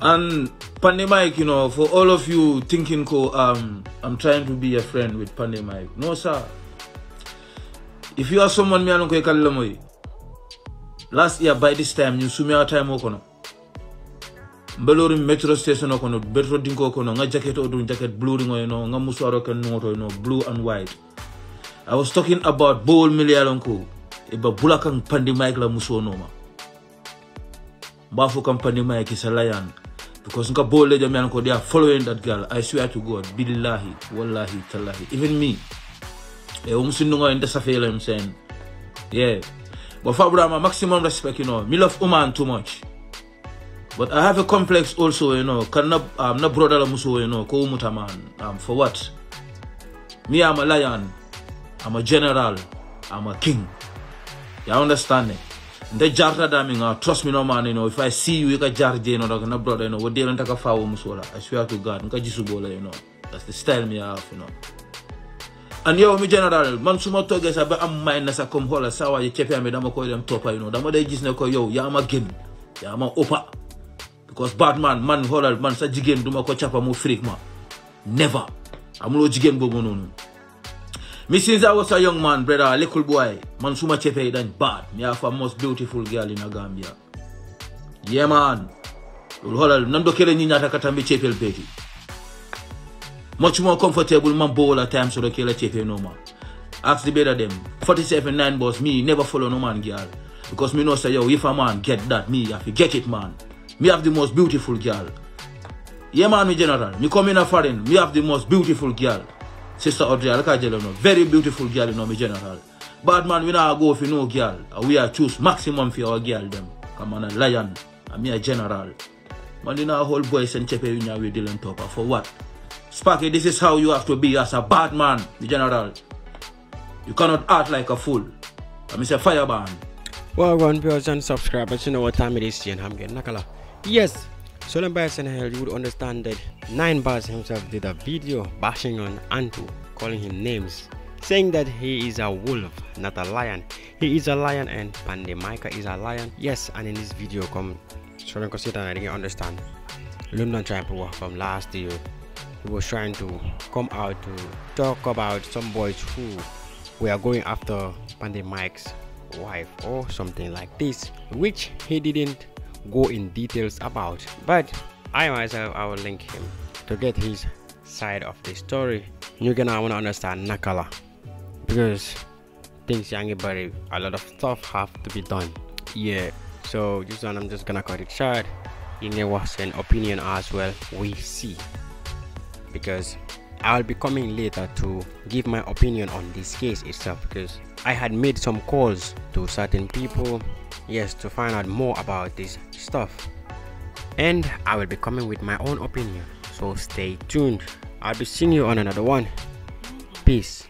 And Pandemic, you know, for all of you thinking, ko, um, I'm trying to be a friend with Pandemic. No, sir. If you are someone, me along ko ikalilamoy. Last year, by this time, you sumi our time okono. Belori metro station okono, metro dinko okono, nga jacket odun, jacket blue ringo, you know, nga musuaro ken nungoto, you know, blue and white. I was talking about bold million milialonko. Iba bulakang pandemic la musuonoma. Bafu company Mike is a lion. Because nka bold lady man they are following that girl. I swear to God, billahi, wallahi, Talahi. Even me. Eh, um sinungo in the safela I'm saying. Yeah. But for Brahma, maximum respect, you know. Me love woman too much. But I have a complex also, you know. Can not I'm not brother muso, you know, ko umuta man. Um for what? Me I'm a lion. I'm a general. I'm a king. You understand it? nde jartaɗa min a trosminomani no if i see you ika jar jeno ɗo na broɗo no woddelonta ka fawo musola i swear to god nka jisubola e no that's the style mi yaa fino an yaw mi general man suma toge sa be am may nasa comme hola sawaji cepeami dama koye ɗem toppa you no dama ɗe gis ne ko yow yama gen ma opa because bad man holal man sa jigen duma ko capa mo fric ma never amulo jigen bobo noonu Me since I was a young man, brother, a little boy, man so much chepe than bad. Me have a most beautiful girl in Gambia. Yeah, man. Hola, nando kele Nina nyata katambi chepe Much more comfortable man bowl at times so the kele chepe no man. Ask the better them. 47 9 boss, me never follow no man girl. Because me know say, yo, if a man get that, me have to get it, man. Me have the most beautiful girl. Yeah, man, me general. Me come in a foreign, me have the most beautiful girl. Sister Audrey Alkajelano, very beautiful girl know, me general. Bad man, we not go for no girl. We are choose maximum for our girl them. Come on, a lion. I'm mean, a general. Man, you know, whole boys and chepe when you're dealing topper. For what? Sparky, this is how you have to be as a bad man, the general. You cannot act like a fool. I'm mean, a fireman. Well, run viewers and subscribers, you know what time it is, and I'm getting Nakala. Yes, Solemn Bias and Hell, you would understand that Nine Bars himself did a video bashing on Antu calling him names, saying that he is a wolf, not a lion. He is a lion and Pandemica is a lion. Yes, and in this video, come showing Cosita I didn't understand. London Trample from last year. He was trying to come out to talk about some boys who were going after Pandemic's wife or something like this, which he didn't go in details about. But I myself, I will link him to get his side of the story you're gonna wanna understand Nakala because things yangi bari a lot of stuff have to be done yeah so this one i'm just gonna cut it short there was an opinion as well we see because i'll be coming later to give my opinion on this case itself because i had made some calls to certain people yes to find out more about this stuff and i will be coming with my own opinion so stay tuned i'll be seeing you on another one peace